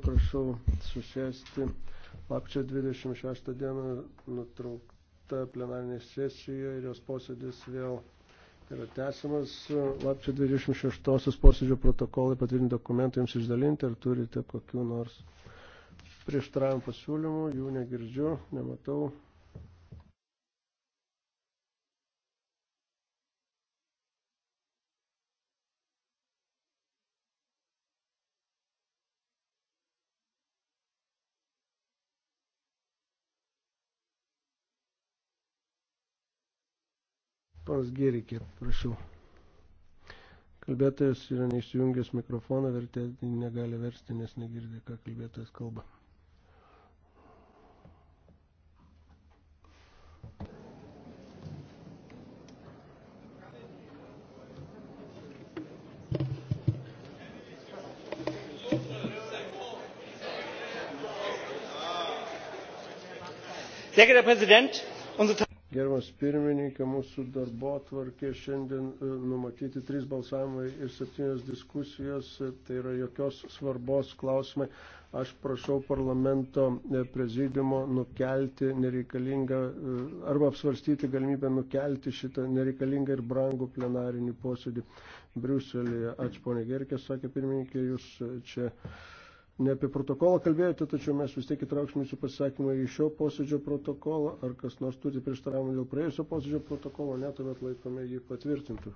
ponai, prašau susėsti. Lapčio 26 dieną nutraukta plenarinė sesija ir jos posėdis vėl yra tęsiamas. Lapčio 26 posėdžio protokolai patvirtinti dokumentai jums išdalinti. Ar turite kokiu nors prieštaravimų pasiūlymų? Jų negirdžiu, nematau. Panas Gerikė, prašau. Kalbėtojas yra neišjungęs mikrofoną, vertė negali versti, nes negirdė, ką kalbėtojas kalba. Sehr geehrter Herr Präsident, unsere Gerbiamas pirmininkė, mūsų darbo tvarkė šiandien e, numatyti trys balsavimai ir septynios diskusijos, e, tai yra jokios svarbos klausimai. Aš prašau parlamento e, prezidimo nukelti nereikalingą arba apsvarstyti galimybę nukelti šitą nereikalingą ir brangų plenarinį posėdį Briuselėje. Ačiū ponė Gerkė, sakė pirmininkė, jūs čia ne apie protokolą kalbėjote, tačiau mes vis tiek įtrauksime jūsų pasisakymą į šio posėdžio protokolą. Ar kas nors turi prieštaravimą dėl praėjusio posėdžio protokolo, netuomet laikome jį patvirtintų.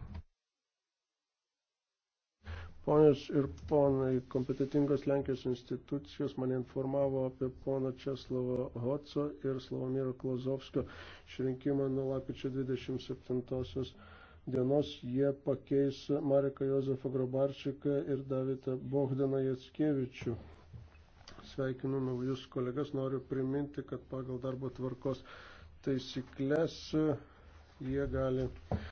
Ponios ir ponai, kompetitingos Lenkijos institucijos mane informavo apie pono Česlovo Hoco ir Slavomiro Klozovskio išrinkimą nuo lapkričio 27 dienos jie pakeis Mareką Jozefą Grobarčiką ir Davidą Bohdaną Jatskevičių. Sveikinu naujus kolegas, noriu priminti, kad pagal darbo tvarkos taisyklės jie gali